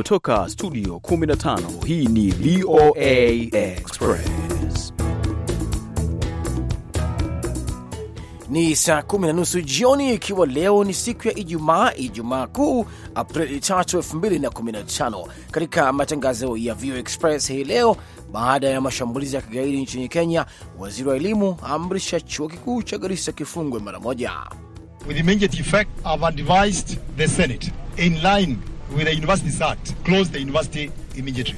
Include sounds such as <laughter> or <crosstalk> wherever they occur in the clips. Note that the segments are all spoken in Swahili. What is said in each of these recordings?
Kutoka studio 15 hii ni VOA Express. Ni saa kumi na nusu jioni, ikiwa leo ni siku ya Ijumaa, Ijumaa Kuu, Aprili 3, 2015. Katika matangazo ya VOA Express hii leo, baada ya mashambulizi ya kigaidi nchini Kenya, waziri wa elimu aamrisha chuo kikuu cha Garissa kifungwe mara moja. With immediate effect, I've advised the Senate in line with the university sat close the university immediately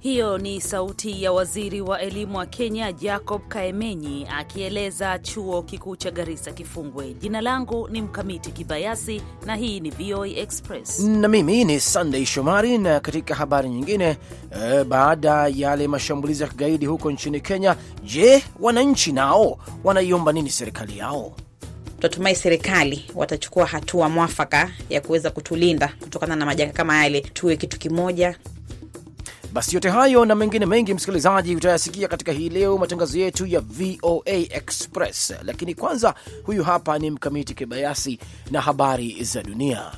hiyo ni sauti ya waziri wa elimu wa Kenya Jacob Kaemenyi akieleza chuo kikuu cha garisa kifungwe. Jina langu ni Mkamiti Kibayasi na hii ni VOA Express na mimi ni sandey Shomari. Na katika habari nyingine e, baada ya yale mashambulizi ya kigaidi huko nchini Kenya, je, wananchi nao wanaiomba nini serikali yao? tunatumai serikali watachukua hatua mwafaka ya kuweza kutulinda kutokana na majanga kama yale, tuwe kitu kimoja. Basi yote hayo na mengine mengi, msikilizaji, utayasikia katika hii leo matangazo yetu ya VOA Express, lakini kwanza, huyu hapa ni Mkamiti Kibayasi na habari za dunia.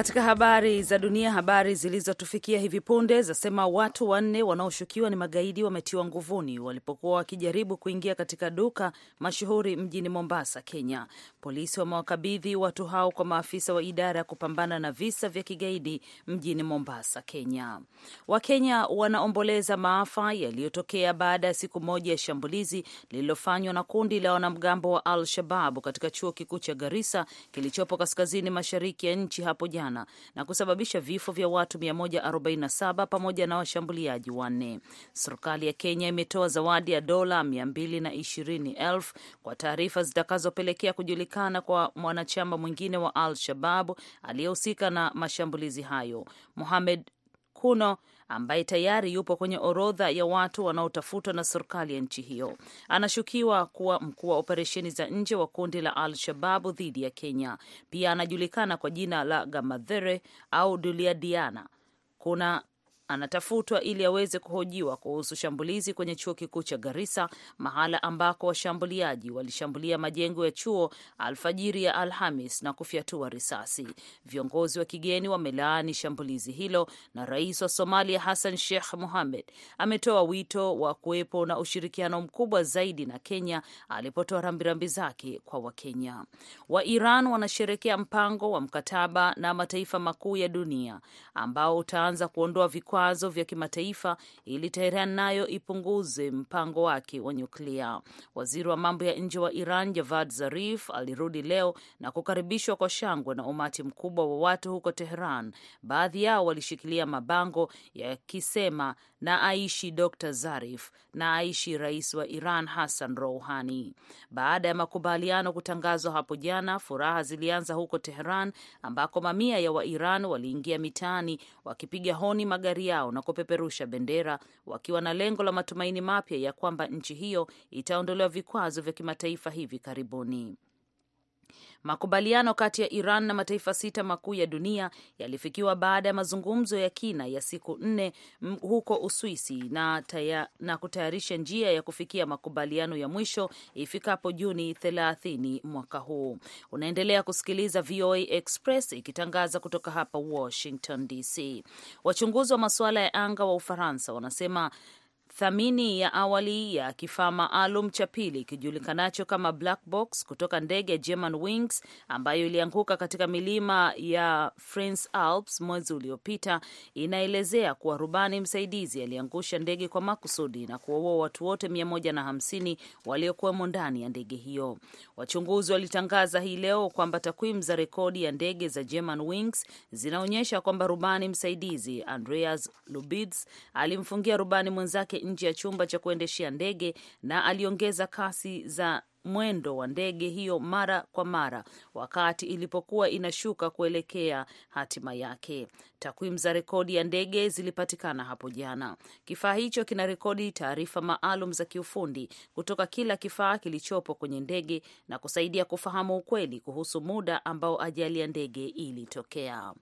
Katika habari za dunia, habari zilizotufikia hivi punde zasema watu wanne wanaoshukiwa ni magaidi wametiwa nguvuni walipokuwa wakijaribu kuingia katika duka mashuhuri mjini Mombasa, Kenya. Polisi wamewakabidhi watu hao kwa maafisa wa idara ya kupambana na visa vya kigaidi mjini Mombasa, Kenya. Wakenya wanaomboleza maafa yaliyotokea baada ya siku moja ya shambulizi lililofanywa na kundi la wanamgambo wa Al Shababu katika chuo kikuu cha Garissa kilichopo kaskazini mashariki ya nchi hapo jana sana na kusababisha vifo vya watu 147 pamoja na washambuliaji wanne. Serikali ya Kenya imetoa zawadi ya dola 220,000 kwa taarifa zitakazopelekea kujulikana kwa mwanachama mwingine wa Al Shababu aliyehusika na mashambulizi hayo. Mohamed Kuno ambaye tayari yupo kwenye orodha ya watu wanaotafutwa na serikali ya nchi hiyo. Anashukiwa kuwa mkuu wa operesheni za nje wa kundi la Al-Shababu dhidi ya Kenya. Pia anajulikana kwa jina la Gamadhere au Duliadiana. Kuna anatafutwa ili aweze kuhojiwa kuhusu shambulizi kwenye chuo kikuu cha Garissa, mahala ambako washambuliaji walishambulia majengo ya chuo alfajiri ya Alhamis na kufyatua risasi. Viongozi wa kigeni wamelaani shambulizi hilo, na rais wa Somalia Hassan Sheikh Mohamed ametoa wito wa kuwepo na ushirikiano mkubwa zaidi na Kenya alipotoa rambirambi zake kwa Wakenya. Wa Iran wanasherekea mpango wa mkataba na mataifa makuu ya dunia ambao utaanza kuondoa vikwazo vikwazo vya kimataifa ili Teheran nayo ipunguze mpango wake wa nyuklia. Waziri wa mambo ya nje wa Iran Javad Zarif alirudi leo na kukaribishwa kwa shangwe na umati mkubwa wa watu huko Teheran. Baadhi yao walishikilia mabango yakisema na aishi Dr Zarif, na aishi rais wa Iran Hassan Rouhani. Baada ya makubaliano kutangazwa hapo jana, furaha zilianza huko Teheran ambako mamia ya Wairan waliingia mitaani wakipiga honi magari yao na kupeperusha bendera wakiwa na lengo la matumaini mapya ya kwamba nchi hiyo itaondolewa vikwazo vya kimataifa hivi karibuni. Makubaliano kati ya Iran na mataifa sita makuu ya dunia yalifikiwa baada ya mazungumzo ya kina ya siku nne huko Uswisi na, taya, na kutayarisha njia ya kufikia makubaliano ya mwisho ifikapo Juni 30 mwaka huu. Unaendelea kusikiliza VOA Express ikitangaza kutoka hapa Washington DC. Wachunguzi wa masuala ya anga wa Ufaransa wanasema Thamini ya awali ya kifaa maalum cha pili kijulikanacho kama black box kutoka ndege ya Wings ambayo ilianguka katika milima ya France Alps mwezi uliopita inaelezea kuwa rubani msaidizi aliangusha ndege kwa makusudi na kuwaua watu wote 150 waliokuwemo ndani ya ndege hiyo. Wachunguzi walitangaza hii leo kwamba takwimu za rekodi ya ndege za german Wings zinaonyesha kwamba rubani msaidizi Andreas Lubitz alimfungia rubani mwenzake nje ya chumba cha kuendeshea ndege na aliongeza kasi za mwendo wa ndege hiyo mara kwa mara wakati ilipokuwa inashuka kuelekea hatima yake. Takwimu za rekodi ya ndege zilipatikana hapo jana. Kifaa hicho kina rekodi taarifa maalum za kiufundi kutoka kila kifaa kilichopo kwenye ndege na kusaidia kufahamu ukweli kuhusu muda ambao ajali ya ndege ilitokea.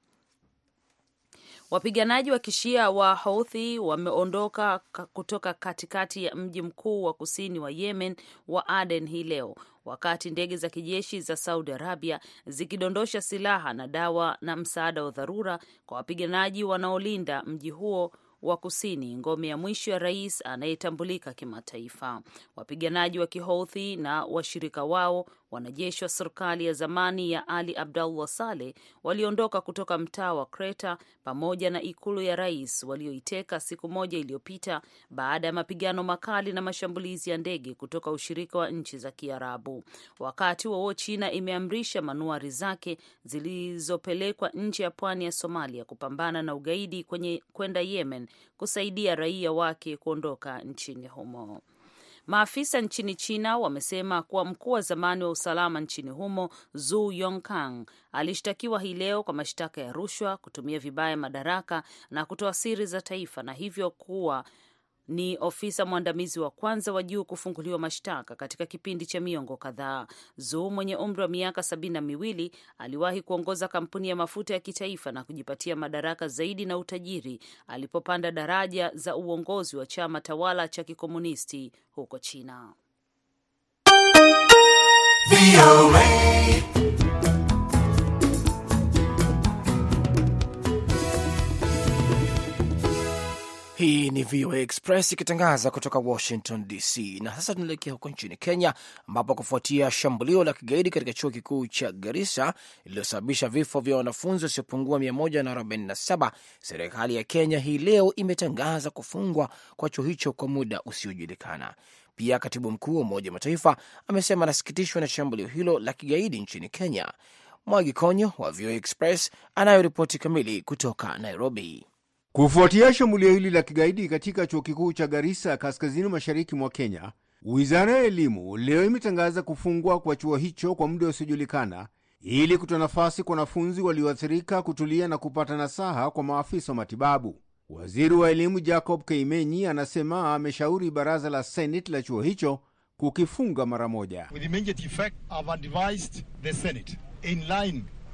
Wapiganaji wa kishia wa Houthi wameondoka kutoka katikati ya mji mkuu wa kusini wa Yemen wa Aden hii leo wakati ndege za kijeshi za Saudi Arabia zikidondosha silaha na dawa na msaada wa dharura kwa wapiganaji wanaolinda mji huo wa Kusini, ngome ya mwisho ya rais anayetambulika kimataifa. Wapiganaji wa Kihouthi na washirika wao, wanajeshi wa serikali ya zamani ya Ali Abdullah Saleh, waliondoka kutoka mtaa wa Kreta pamoja na ikulu ya rais walioiteka siku moja iliyopita baada ya mapigano makali na mashambulizi ya ndege kutoka ushirika wa nchi za Kiarabu. Wakati huo China imeamrisha manuari zake zilizopelekwa nje ya pwani ya Somalia kupambana na ugaidi kwenye kwenda Yemen kusaidia raia wake kuondoka nchini humo. Maafisa nchini China wamesema kuwa mkuu wa zamani wa usalama nchini humo Zu Yongkang alishtakiwa hii leo kwa mashtaka ya rushwa, kutumia vibaya madaraka na kutoa siri za taifa, na hivyo kuwa ni ofisa mwandamizi wa kwanza wa juu kufunguliwa mashtaka katika kipindi cha miongo kadhaa. zu mwenye umri wa miaka sabini na miwili aliwahi kuongoza kampuni ya mafuta ya kitaifa na kujipatia madaraka zaidi na utajiri alipopanda daraja za uongozi wa chama tawala cha kikomunisti huko China. Hii ni VOA Express ikitangaza kutoka Washington DC. Na sasa tunaelekea huko nchini Kenya, ambapo kufuatia shambulio la kigaidi katika chuo kikuu cha Garissa lililosababisha vifo vya wanafunzi wasiopungua 147 serikali ya Kenya hii leo imetangaza kufungwa kwa chuo hicho kwa muda usiojulikana. Pia katibu mkuu wa Umoja wa Mataifa amesema anasikitishwa na shambulio hilo la kigaidi nchini Kenya. Mwagi Konyo wa VOA Express anayo ripoti kamili kutoka Nairobi. Kufuatia shambulio hili la kigaidi katika chuo kikuu cha Garissa kaskazini mashariki mwa Kenya, wizara ya elimu leo imetangaza kufungwa kwa chuo hicho kwa muda usiojulikana ili kutoa nafasi kwa wanafunzi walioathirika kutulia na kupata nasaha kwa maafisa wa matibabu. Waziri wa elimu Jacob Keimenyi anasema ameshauri baraza la seneti la chuo hicho kukifunga mara moja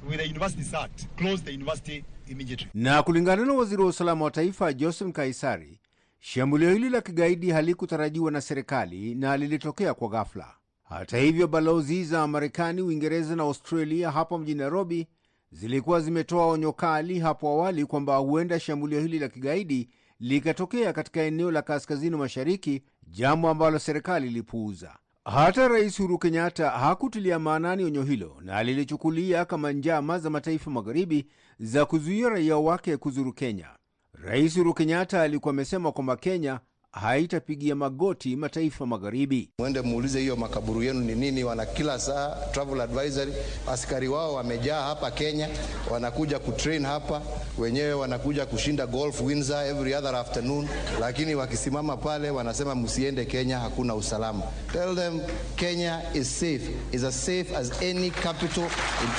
with the university sat close the university immediately. Na kulingana na waziri wa usalama wa taifa Joseph Kaisari, shambulio hili la kigaidi halikutarajiwa na serikali na lilitokea kwa ghafla. Hata hivyo, balozi za Marekani, Uingereza na Australia hapa mjini Nairobi zilikuwa zimetoa onyo kali hapo awali kwamba huenda shambulio hili la kigaidi likatokea katika eneo la kaskazini mashariki, jambo ambalo serikali ilipuuza. Hata Rais Uhuru Kenyatta hakutilia maanani onyo hilo na alilichukulia kama njama za mataifa magharibi za kuzuia raia wake kuzuru Kenya. Rais Uhuru Kenyatta alikuwa amesema kwamba Kenya haitapigia magoti mataifa magharibi. Mwende muulize hiyo makaburu yenu ni nini? Wana kila saa travel advisory, askari wao wamejaa hapa Kenya, wanakuja kutrain hapa, wenyewe wanakuja kushinda golf Windsor every other afternoon, lakini wakisimama pale wanasema msiende Kenya, hakuna usalama. Tell them Kenya is safe, is as safe as any capital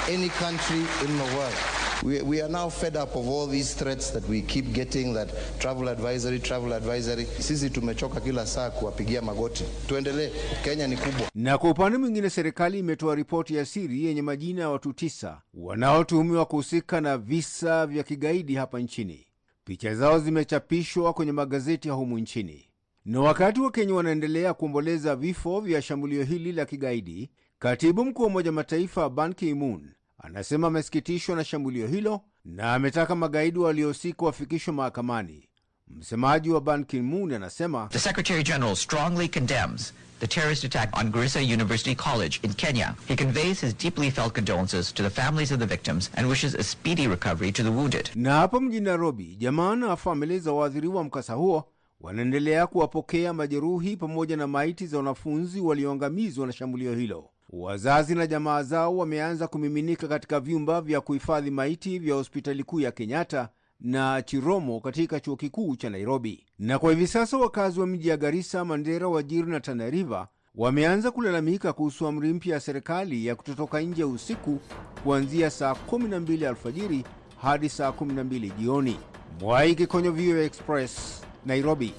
in any country in the world. We, we are now fed up of all these threats that we keep getting that travel advisory, travel advisory. Sisi tumechoka kila saa kuwapigia magoti. Tuendelee, Kenya ni kubwa. Na kwa upande mwingine, serikali imetoa ripoti ya siri yenye majina ya watu tisa wanaotuhumiwa kuhusika na visa vya kigaidi hapa nchini. Picha zao zimechapishwa kwenye magazeti ya humu nchini. Na wakati Wakenya wanaendelea kuomboleza vifo vya shambulio hili la kigaidi, katibu mkuu wa Umoja Mataifa Ban Ki-moon anasema amesikitishwa na shambulio hilo na ametaka magaidi waliohusika wafikishwe mahakamani. Msemaji wa Ban Ki-moon anasema The Secretary General strongly condemns the terrorist attack on Garissa University College in Kenya. He conveys his deeply felt condolences to the families of the victims and wishes a speedy recovery to the wounded. Na hapo mjini Nairobi, jamaa na familia za waathiriwa mkasa huo wanaendelea kuwapokea majeruhi pamoja na maiti za wanafunzi walioangamizwa na shambulio hilo. Wazazi na jamaa zao wameanza kumiminika katika vyumba vya kuhifadhi maiti vya hospitali kuu ya Kenyatta na Chiromo katika chuo kikuu cha Nairobi. Na kwa hivi sasa wakazi wa miji ya Garissa, Mandera, Wajir na Tana River wameanza kulalamika kuhusu amri mpya ya serikali ya kutotoka nje usiku kuanzia saa 12 alfajiri hadi saa 12 jioni. Mwai Kikonyo, VOA Express, Nairobi.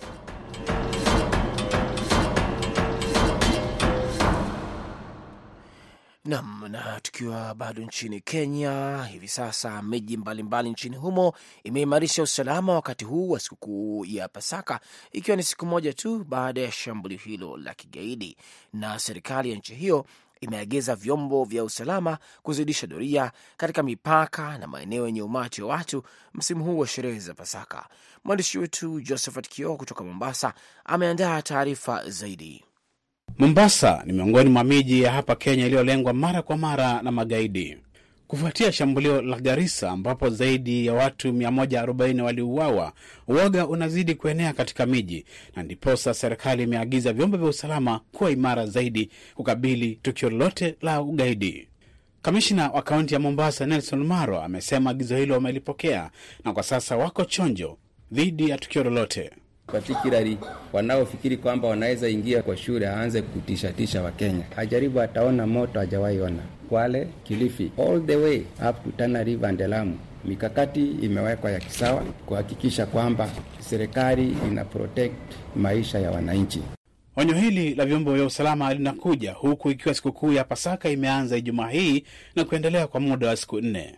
Nam. Na tukiwa bado nchini Kenya, hivi sasa miji mbalimbali nchini humo imeimarisha usalama wakati huu wa sikukuu ya Pasaka, ikiwa ni siku moja tu baada ya shambulio hilo la kigaidi, na serikali ya nchi hiyo imeagiza vyombo vya usalama kuzidisha doria katika mipaka na maeneo yenye umati wa watu msimu huu wa sherehe za Pasaka. Mwandishi wetu Josephat Kioo kutoka Mombasa ameandaa taarifa zaidi. Mombasa ni miongoni mwa miji ya hapa Kenya iliyolengwa mara kwa mara na magaidi kufuatia shambulio la Garissa ambapo zaidi ya watu 140 waliuawa. Uoga unazidi kuenea katika miji na ndiposa serikali imeagiza vyombo vya usalama kuwa imara zaidi kukabili tukio lolote la ugaidi. Kamishina wa kaunti ya Mombasa Nelson Maro amesema agizo hilo wamelipokea na kwa sasa wako chonjo dhidi ya tukio lolote. Particularly wanaofikiri kwamba wanaweza ingia kwa shule aanze kutishatisha Wakenya. ajaribu ataona moto, hajawahi ona. Kwale, Kilifi, all the way up to Tana River and Lamu, mikakati imewekwa ya kisawa kuhakikisha kwamba serikali ina protect maisha ya wananchi. Onyo hili la vyombo vya usalama linakuja huku ikiwa sikukuu ya Pasaka imeanza Ijumaa hii na kuendelea kwa muda wa siku nne.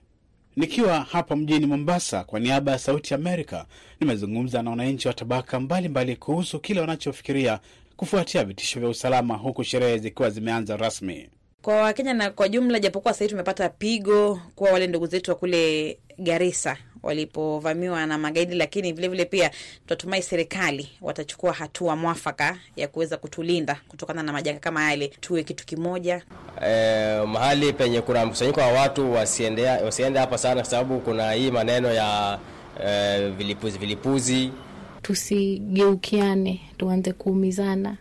Nikiwa hapa mjini Mombasa kwa niaba ya Sauti Amerika, nimezungumza na wananchi wa tabaka mbalimbali mbali kuhusu kile wanachofikiria kufuatia vitisho vya usalama, huku sherehe zikiwa zimeanza rasmi kwa Wakenya na kwa jumla, japokuwa sahii tumepata pigo kwa wale ndugu zetu wa kule Garissa walipovamiwa na magaidi, lakini vilevile pia tunatumai serikali watachukua hatua mwafaka ya kuweza kutulinda kutokana na majanga kama yale, tuwe kitu kimoja. Eh, mahali penye kuna mkusanyiko wa watu wasiende, hapa sana, kwa sababu kuna hii maneno ya eh, vilipuzi vilipuzi. Tusigeukiane, tuanze kuumizana,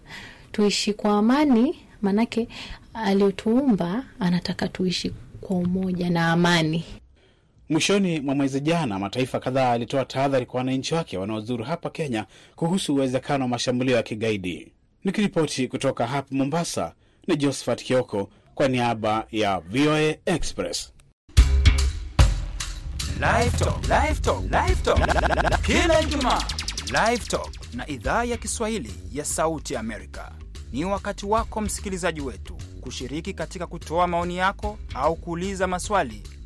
tuishi kwa amani, maanake aliotuumba anataka tuishi kwa umoja na amani. Mwishoni mwa mwezi jana, mataifa kadhaa yalitoa tahadhari kwa wananchi wake wanaozuru hapa Kenya kuhusu uwezekano wa mashambulio ya kigaidi. Nikiripoti kutoka hapa Mombasa ni Josephat Kioko kwa niaba ya VOA Express. Kila Ijumaa na idhaa ya Kiswahili ya Sauti Amerika ni wakati wako msikilizaji wetu kushiriki katika kutoa maoni yako au kuuliza maswali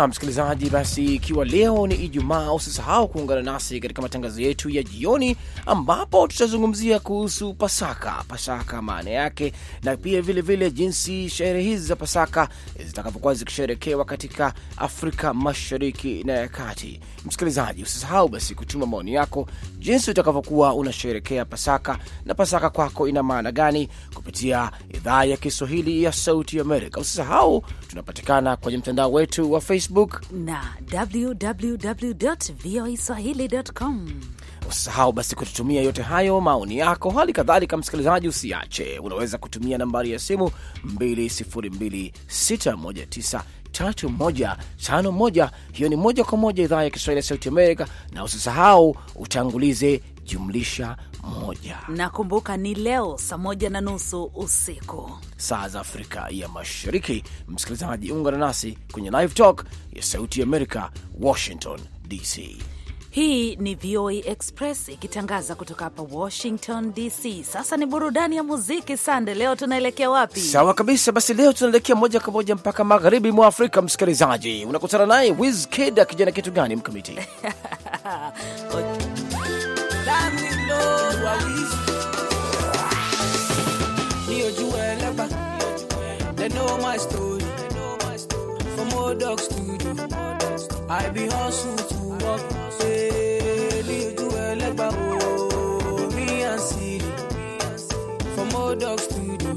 na msikilizaji, basi ikiwa leo ni Ijumaa, usisahau kuungana nasi katika matangazo yetu ya jioni, ambapo tutazungumzia kuhusu Pasaka, Pasaka maana yake, na pia vilevile vile jinsi sherehe hizi za Pasaka zitakavyokuwa zikisherekewa katika Afrika Mashariki na ya Kati. Msikilizaji, usisahau basi kutuma maoni yako jinsi utakavyokuwa unasherekea Pasaka na Pasaka kwako ina maana gani, kupitia idhaa ya Kiswahili ya Sauti Amerika. Usisahau tunapatikana kwenye mtandao wetu wa Facebook Facebook na www.voaswahili.com. Usisahau basi kututumia yote hayo maoni yako. Hali kadhalika, msikilizaji, usiache, unaweza kutumia nambari ya simu 2026193151. Hiyo ni moja kwa moja idhaa ya Kiswahili ya Sauti Amerika, na usisahau utangulize jumlisha moja. Nakumbuka ni leo saa moja na nusu usiku saa za Afrika ya Mashariki. Msikilizaji, ungana nasi kwenye Live Talk ya Sauti Amerika, Washington DC. Hii ni VOA Express ikitangaza kutoka hapa Washington DC. Sasa ni burudani ya muziki. Sande, leo tunaelekea wapi? Sawa kabisa, basi leo tunaelekea moja kwa moja mpaka magharibi mwa Afrika. Msikilizaji, unakutana naye Wizkid akijana kitu gani mkamiti? <laughs> okay. my story. for more dogs to do. I be hustling to work. Daily ojú ẹlẹ́gbàá o, me and Siri. more dogs to do.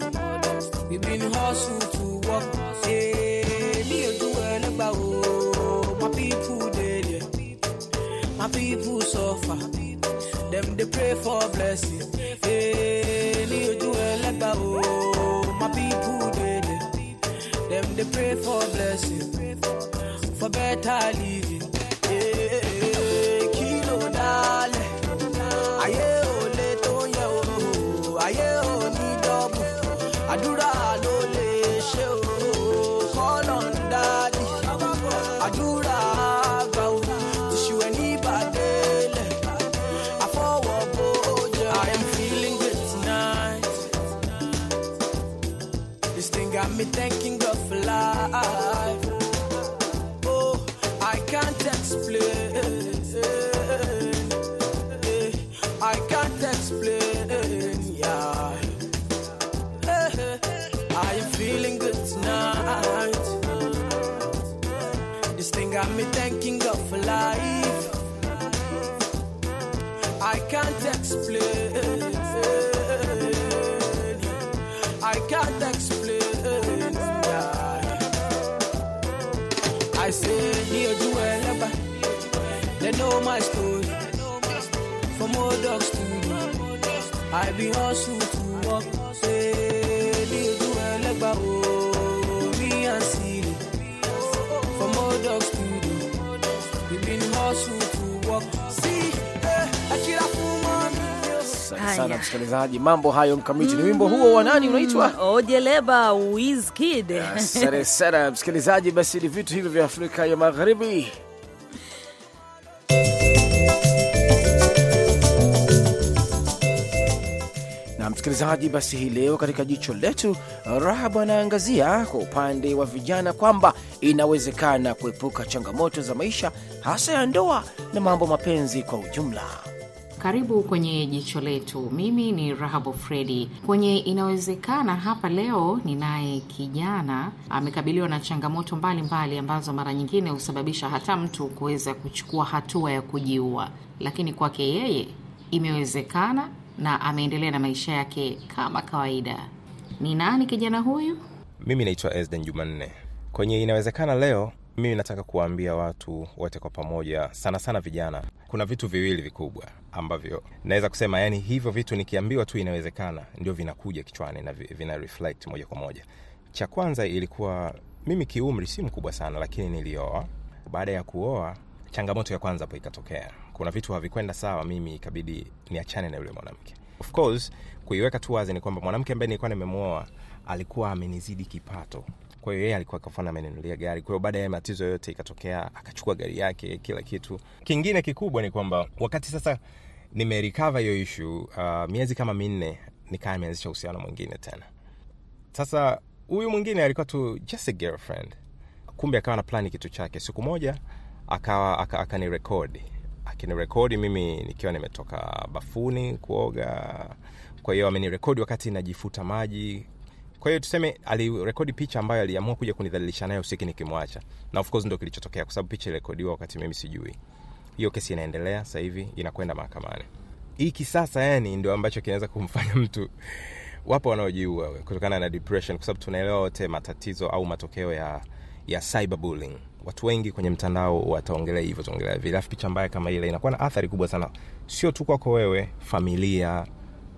we been hustling to work. Daily ojú ẹlẹ́gbàá o, my people dey there. My people suffer, Them they pray for blessing. Daily ojú ẹlẹ́gbàá o, my people them they pray for blessing, for better living. Hey, eh, kilo dale, aye ole to ye o, oh, aye o oh, ni double. Àdúrà I can't explain. Yeah. I say, near to wherever. They know my story. For more dogs to do, I be hustle to walk. Say, do to wherever. Oh. Asante sana msikilizaji, mambo hayo mkamiti. ni wimbo huo wa nani unaitwa? Ojeleba Wizkid. Asante sana msikilizaji, basi ni vitu hivyo vya Afrika ya Magharibi. na msikilizaji, basi hii leo katika jicho letu, Rahabu anaangazia kwa upande wa vijana kwamba inawezekana kuepuka changamoto za maisha hasa ya ndoa na mambo mapenzi kwa ujumla. Karibu kwenye jicho letu. Mimi ni Rahabu Fredi. Kwenye inawezekana hapa leo ninaye kijana amekabiliwa na changamoto mbalimbali mbali ambazo mara nyingine husababisha hata mtu kuweza kuchukua hatua ya kujiua, lakini kwake yeye imewezekana na ameendelea na maisha yake kama kawaida. Ni nani kijana huyu? Mimi naitwa Esden Jumanne. Kwenye inawezekana leo mimi nataka kuwaambia watu wote kwa pamoja, sana sana vijana, kuna vitu viwili vikubwa ambavyo naweza kusema, yani hivyo vitu nikiambiwa tu inawezekana, ndio vinakuja kichwani na vina reflect moja kwa moja. Cha kwanza ilikuwa mimi kiumri si mkubwa sana, lakini nilioa. Baada ya kuoa, changamoto ya kwanza po ikatokea, kuna vitu havikwenda sawa, mimi ikabidi niachane na yule mwanamke. Of course kuiweka tu wazi ni kwamba mwanamke ambaye nilikuwa nimemwoa alikuwa amenizidi kipato kwa hiyo yeye alikuwa kafana amenunulia gari. Kwa hiyo baada ya matizo yote ikatokea, akachukua gari yake, kila kitu. Kingine kikubwa ni kwamba wakati sasa nimerikava hiyo ishu uh, miezi kama minne, nikaa imeanzisha uhusiano mwingine tena. Sasa huyu mwingine alikuwa tu just a girlfriend, kumbe akawa na plani kitu chake. Siku moja akawa akanirekodi aka akinirekodi mimi nikiwa nimetoka bafuni kuoga. Kwa hiyo amenirekodi wakati najifuta maji kwa hiyo tuseme alirekodi picha ambayo aliamua kuja kunidhalilisha nayo usiki nikimwacha, na of course ndio kilichotokea, kwa sababu picha ilirekodiwa wakati mimi sijui. Hiyo kesi inaendelea sasa hivi, inakwenda mahakamani. Hiki sasa, yani ndio ambacho kinaweza kumfanya <laughs> mtu wapo wanaojiua kutokana na depression, kwa sababu tunaelewa wote matatizo au matokeo ya ya cyberbullying. Watu wengi kwenye mtandao wataongelea hivyo, taongelea vile, alafu picha mbaya kama ile inakuwa na athari kubwa sana, sio tu kwako wewe, familia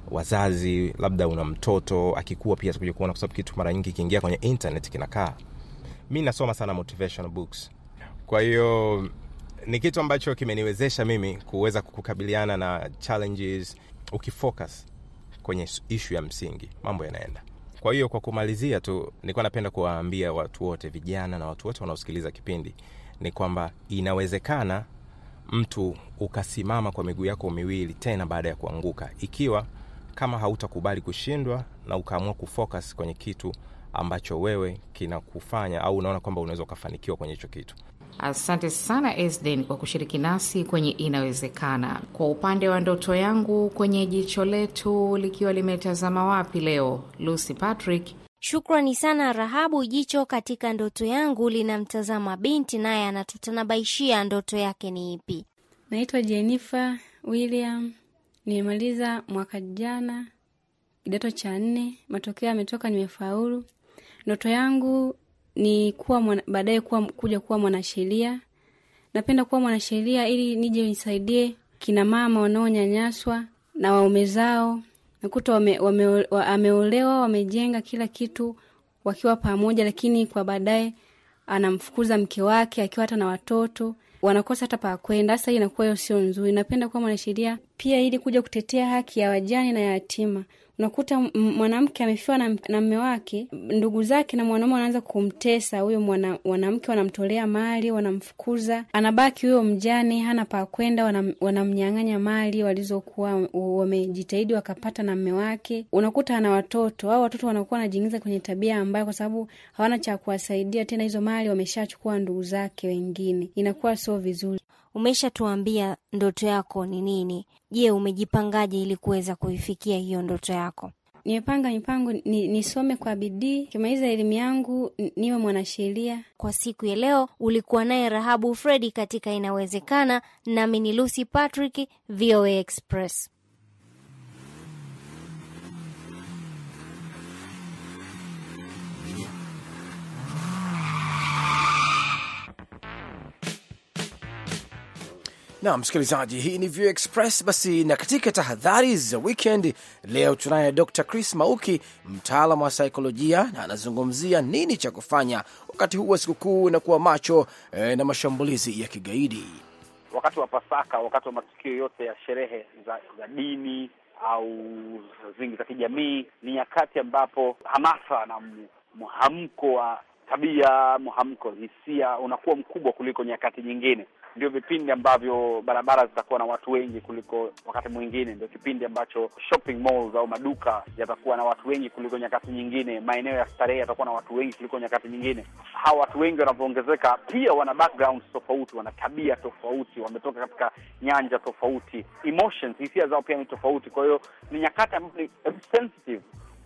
wazazi, labda una mtoto akikua pia atakuja kuona, kwasababu kitu mara nyingi kiingia kwenye internet kinakaa. Mi nasoma sana motivational books, kwa hiyo ni kitu ambacho kimeniwezesha mimi kuweza kukabiliana na challenges. Ukifocus kwenye ishu ya msingi, mambo yanaenda. Kwa hiyo kwa kumalizia tu, nilikuwa napenda kuwaambia watu wote, vijana na watu wote wanaosikiliza kipindi, ni kwamba inawezekana mtu ukasimama kwa miguu yako miwili tena baada ya kuanguka, ikiwa kama hautakubali kushindwa na ukaamua kufocus kwenye kitu ambacho wewe kinakufanya au unaona kwamba unaweza ukafanikiwa kwenye hicho kitu. Asante sana Esden kwa kushiriki nasi kwenye Inawezekana. Kwa upande wa ndoto yangu, kwenye jicho letu likiwa limetazama wapi leo, Lucy Patrick. Shukrani sana Rahabu. Jicho katika ndoto yangu linamtazama binti, naye anatutanabaishia ndoto yake ni ipi. Naitwa jenifa William Nimemaliza mwaka jana kidato cha nne, matokeo yametoka, nimefaulu. Ndoto yangu ni kuwa baadaye kuwa, kuja kuwa mwanasheria. Napenda kuwa mwanasheria ili nije nisaidie kina mama wanaonyanyaswa na waume zao, nakuta wame, wame, ameolewa wamejenga kila kitu wakiwa pamoja, lakini kwa baadaye anamfukuza mke wake akiwa hata na watoto, wanakosa hata pa kwenda. Sasa hii inakuwa hiyo sio nzuri. Napenda kuwa mwanasheria pia ili kuja kutetea haki ya wajane na yatima. Unakuta mwanamke amefiwa na mme wake, ndugu zake na mwanaume wanaanza kumtesa huyo mwanamke, wanamtolea mali, wanamfukuza, anabaki huyo mjane, hana pa kwenda, wanam, wanamnyang'anya mali walizokuwa wamejitahidi wakapata na mme wake. Unakuta ana watoto au watoto wanakuwa wanajiingiza kwenye tabia ambayo, kwa sababu hawana cha kuwasaidia tena, hizo mali wameshachukua ndugu zake wengine, inakuwa sio vizuri. Umeshatuambia ndoto yako ni nini. Je, umejipangaje ili kuweza kuifikia hiyo ndoto yako? Nimepanga mipango ni, nisome kwa bidii, kimaliza elimu yangu niwe mwanasheria. Kwa siku ya leo ulikuwa naye Rahabu Fredi katika Inawezekana, nami ni Lucy Patrick, VOA Express. na msikilizaji, hii ni View Express. Basi, na katika tahadhari za weekend leo tunaye Dr. Chris Mauki, mtaalam wa saikolojia, na anazungumzia nini cha kufanya wakati huu wa sikukuu na kuwa macho eh, na mashambulizi ya kigaidi wakati wa Pasaka, wakati wa matukio yote ya sherehe za, za dini au zingi za kijamii. Ni nyakati ambapo hamasa na mhamko wa tabia, mhamko hisia unakuwa mkubwa kuliko nyakati nyingine ndio vipindi ambavyo barabara zitakuwa na watu wengi kuliko wakati mwingine, ndio kipindi ambacho shopping malls au maduka yatakuwa na watu wengi kuliko nyakati nyingine, maeneo ya starehe yatakuwa na watu wengi kuliko nyakati nyingine. Hawa watu wengi wanavyoongezeka, pia wana backgrounds tofauti, wana tabia tofauti, wametoka katika nyanja tofauti, emotions, hisia zao pia ni tofauti. Kwa hiyo ni nyakati ambazo ni sensitive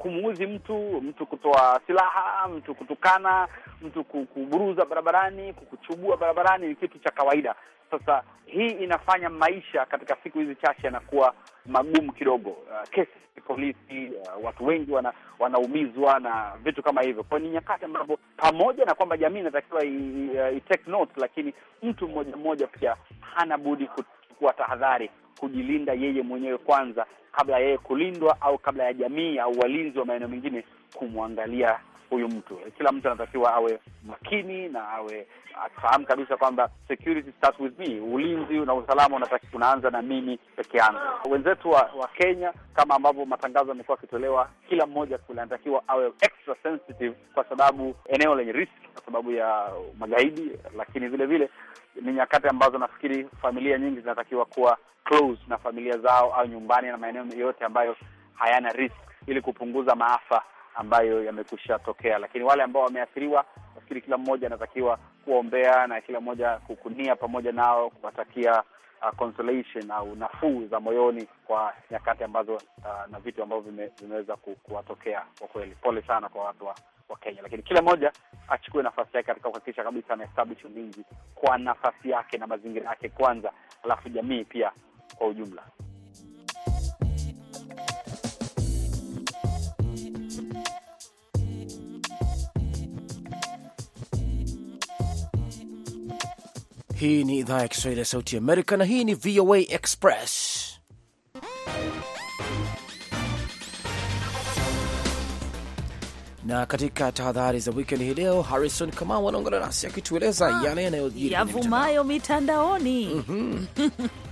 kumuuzi mtu, mtu kutoa silaha, mtu kutukana, mtu kuburuza barabarani, kukuchubua barabarani ni kitu cha kawaida. Sasa hii inafanya maisha katika siku hizi chache yanakuwa magumu kidogo. Uh, kesi polisi, uh, watu wengi wana, wanaumizwa na vitu kama hivyo. kwao ni nyakati ambapo pamoja na kwamba jamii inatakiwa i, i, i note, lakini mtu mmoja mmoja pia hana budi kuchukua tahadhari, kujilinda yeye mwenyewe kwanza kabla ya yeye kulindwa au kabla ya jamii au walinzi wa maeneo mengine kumwangalia huyu mtu. Kila mtu anatakiwa awe makini na awe afahamu kabisa kwamba security starts with me, ulinzi na usalama unataki unaanza na mimi peke yangu. Wenzetu wa, wa Kenya kama ambavyo matangazo yamekuwa akitolewa, kila mmoja kule anatakiwa awe extra sensitive, kwa sababu eneo lenye risk kwa sababu ya magaidi, lakini vile vile ni nyakati ambazo nafikiri familia nyingi zinatakiwa kuwa close na familia zao au nyumbani na maeneo yote ambayo hayana risk ili kupunguza maafa ambayo yamekusha tokea, lakini wale ambao wameathiriwa, nafikiri kila mmoja anatakiwa kuombea na kila mmoja kukunia pamoja nao kuwatakia uh, consolation au nafuu za moyoni kwa nyakati ambazo uh, na vitu ambavyo vime, vimeweza kuwatokea. Kwa kweli pole sana kwa watu wa, wa Kenya, lakini kila mmoja achukue nafasi yake katika kuhakikisha kabisa anaestablish ulinzi kwa nafasi yake na mazingira yake kwanza, alafu jamii pia kwa ujumla. Hii ni idhaa ya Kiswahili ya Sauti Amerika na hii ni VOA Express. na katika tahadhari za wikend hii leo, Harrison Kamau anaungana nasi akitueleza yale yavumayo mitandaoni. mm -hmm. <laughs>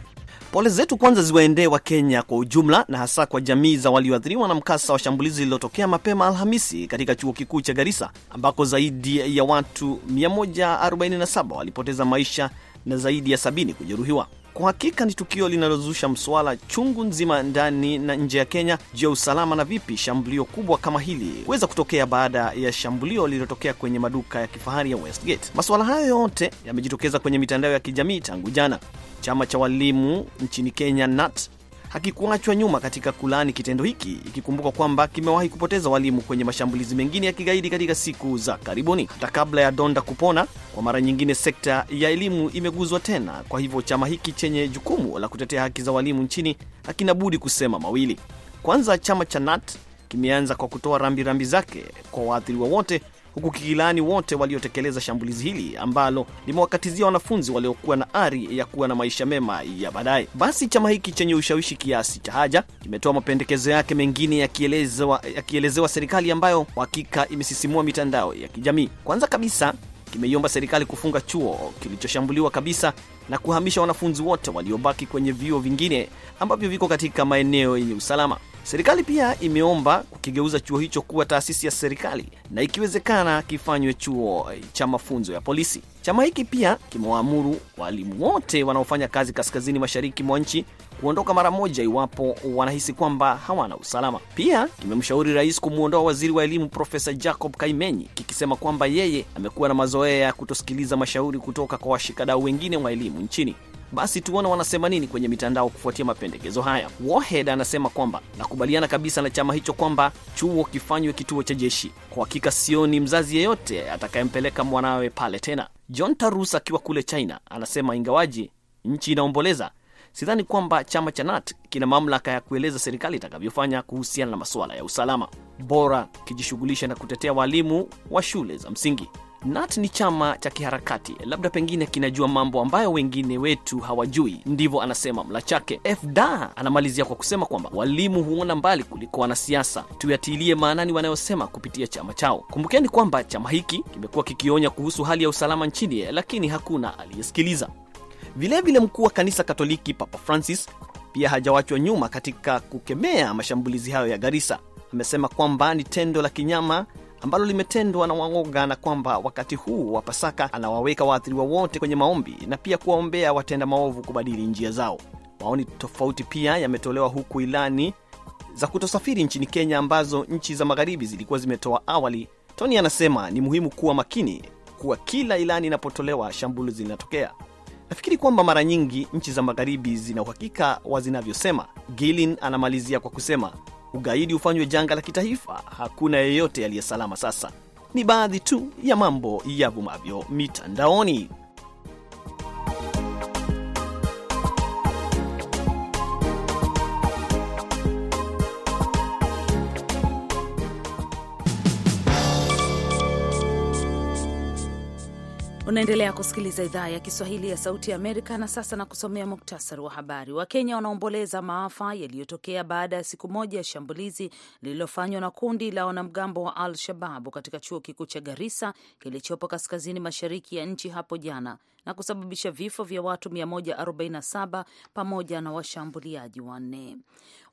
Pole zetu kwanza ziwaendee kenya kwa ujumla na hasa kwa jamii za walioathiriwa na mkasa wa shambulizi lililotokea mapema Alhamisi katika chuo kikuu cha Garissa ambako zaidi ya watu 147 walipoteza maisha na zaidi ya sabini kujeruhiwa. Kwa hakika ni tukio linalozusha mswala chungu nzima ndani na nje ya Kenya juu ya usalama na vipi shambulio kubwa kama hili huweza kutokea baada ya shambulio lililotokea kwenye maduka ya kifahari ya Westgate. Masuala hayo yote yamejitokeza kwenye mitandao ya kijamii tangu jana. Chama cha walimu nchini Kenya, KenyaNAT, hakikuachwa nyuma katika kulaani kitendo hiki, ikikumbuka kwamba kimewahi kupoteza walimu kwenye mashambulizi mengine ya kigaidi katika siku za karibuni. Hata kabla ya donda kupona, kwa mara nyingine sekta ya elimu imeguzwa tena. Kwa hivyo chama hiki chenye jukumu la kutetea haki za walimu nchini hakina budi kusema mawili. Kwanza, chama cha NAT kimeanza kwa kutoa rambirambi rambi zake kwa waathiriwa wote huku kikilani wote waliotekeleza shambulizi hili ambalo limewakatizia wanafunzi waliokuwa na ari ya kuwa na maisha mema ya baadaye. Basi chama hiki chenye ushawishi kiasi cha haja kimetoa mapendekezo yake mengine yakielezewa ya serikali ambayo hakika imesisimua mitandao ya kijamii. Kwanza kabisa kimeiomba serikali kufunga chuo kilichoshambuliwa kabisa na kuhamisha wanafunzi wote waliobaki kwenye vyuo vingine ambavyo viko katika maeneo yenye usalama. Serikali pia imeomba kukigeuza chuo hicho kuwa taasisi ya serikali na ikiwezekana kifanywe chuo cha mafunzo ya polisi. Chama hiki pia kimewaamuru walimu wote wanaofanya kazi kaskazini mashariki mwa nchi kuondoka mara moja iwapo wanahisi kwamba hawana usalama. Pia kimemshauri rais kumwondoa waziri wa elimu Profesa Jacob Kaimenyi, kikisema kwamba yeye amekuwa na mazoea ya kutosikiliza mashauri kutoka kwa washikadau wengine wa elimu nchini. Basi tuone wanasema nini kwenye mitandao kufuatia mapendekezo haya. Warhead anasema kwamba nakubaliana kabisa na chama hicho kwamba chuo kifanywe kituo cha jeshi. Kwa hakika sioni mzazi yeyote atakayempeleka mwanawe pale tena. John Tarus akiwa kule China anasema ingawaji nchi inaomboleza, sidhani kwamba chama cha NAT kina mamlaka ya kueleza serikali itakavyofanya kuhusiana na masuala ya usalama. Bora kijishughulisha na kutetea walimu wa shule za msingi. NAT ni chama cha kiharakati, labda pengine kinajua mambo ambayo wengine wetu hawajui, ndivyo anasema Mlachake. FDA anamalizia kwa kusema kwamba walimu huona mbali kuliko wanasiasa, tuyatilie maanani wanayosema kupitia chama chao. Kumbukeni kwamba chama hiki kimekuwa kikionya kuhusu hali ya usalama nchini, lakini hakuna aliyesikiliza. Vilevile, mkuu wa kanisa Katoliki Papa Francis pia hajawachwa nyuma katika kukemea mashambulizi hayo ya Garissa. Amesema kwamba ni tendo la kinyama ambalo limetendwa na Wang'oga na kwamba wakati huu wa Pasaka anawaweka waathiriwa wote kwenye maombi na pia kuwaombea watenda maovu kubadili njia zao. Maoni tofauti pia yametolewa huku ilani za kutosafiri nchini Kenya ambazo nchi za magharibi zilikuwa zimetoa awali. Tony anasema ni muhimu kuwa makini kuwa kila ilani inapotolewa shambulizi linatokea. Nafikiri kwamba mara nyingi nchi za magharibi zina uhakika wa zinavyosema. Gilin anamalizia kwa kusema ugaidi ufanywe janga la kitaifa, hakuna yeyote aliyesalama. Sasa ni baadhi tu ya mambo yavumavyo mitandaoni. Unaendelea kusikiliza idhaa ya Kiswahili ya Sauti ya Amerika na sasa na kusomea muktasari wa habari. Wakenya wanaomboleza maafa yaliyotokea baada ya siku moja ya shambulizi lililofanywa na kundi la wanamgambo wa Al Shababu katika chuo kikuu cha Garisa kilichopo kaskazini mashariki ya nchi hapo jana na kusababisha vifo vya watu 147 pamoja na washambuliaji wanne.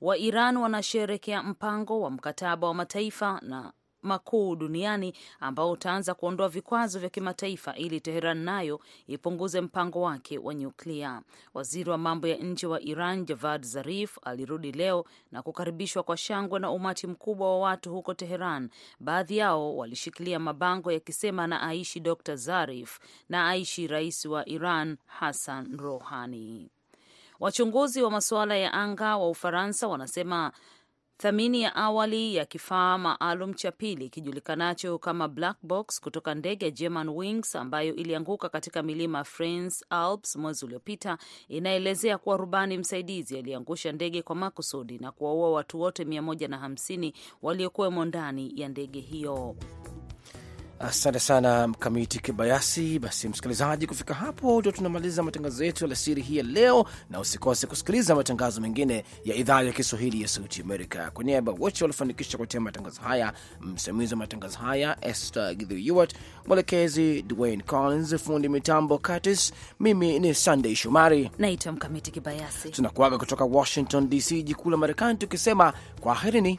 Wa Iran wanasherekea mpango wa mkataba wa mataifa na makuu duniani ambao utaanza kuondoa vikwazo vya kimataifa ili Teheran nayo ipunguze mpango wake wa nyuklia. Waziri wa mambo ya nje wa Iran Javad Zarif alirudi leo na kukaribishwa kwa shangwe na umati mkubwa wa watu huko Teheran. Baadhi yao walishikilia mabango yakisema na aishi Dr Zarif na aishi rais wa Iran Hassan Rohani. Wachunguzi wa masuala ya anga wa Ufaransa wanasema Thamini ya awali ya kifaa maalum cha pili kijulikanacho kama black box kutoka ndege ya wings ambayo ilianguka katika milima France Alps mwezi uliopita inaelezea kuwa rubani msaidizi aliangusha ndege kwa makusudi na kuwaua watu wote 150 waliokuwemo ndani ya ndege hiyo. Asante sana Mkamiti Kibayasi. Basi msikilizaji, kufika hapo ndio tunamaliza matangazo yetu alasiri hii ya leo, na usikose kusikiliza matangazo mengine ya idhaa ya Kiswahili ya Sauti Amerika. Kwa niaba wote waliofanikisha kutia matangazo haya, msimamizi wa matangazo haya Esther Githuwat, mwelekezi Dwayne Collins, fundi mitambo Curtis, mimi ni Sandey Shomari naitwa Mkamiti Kibayasi. Tunakuaga kutoka Washington DC, jikuu la Marekani, tukisema kwaherini.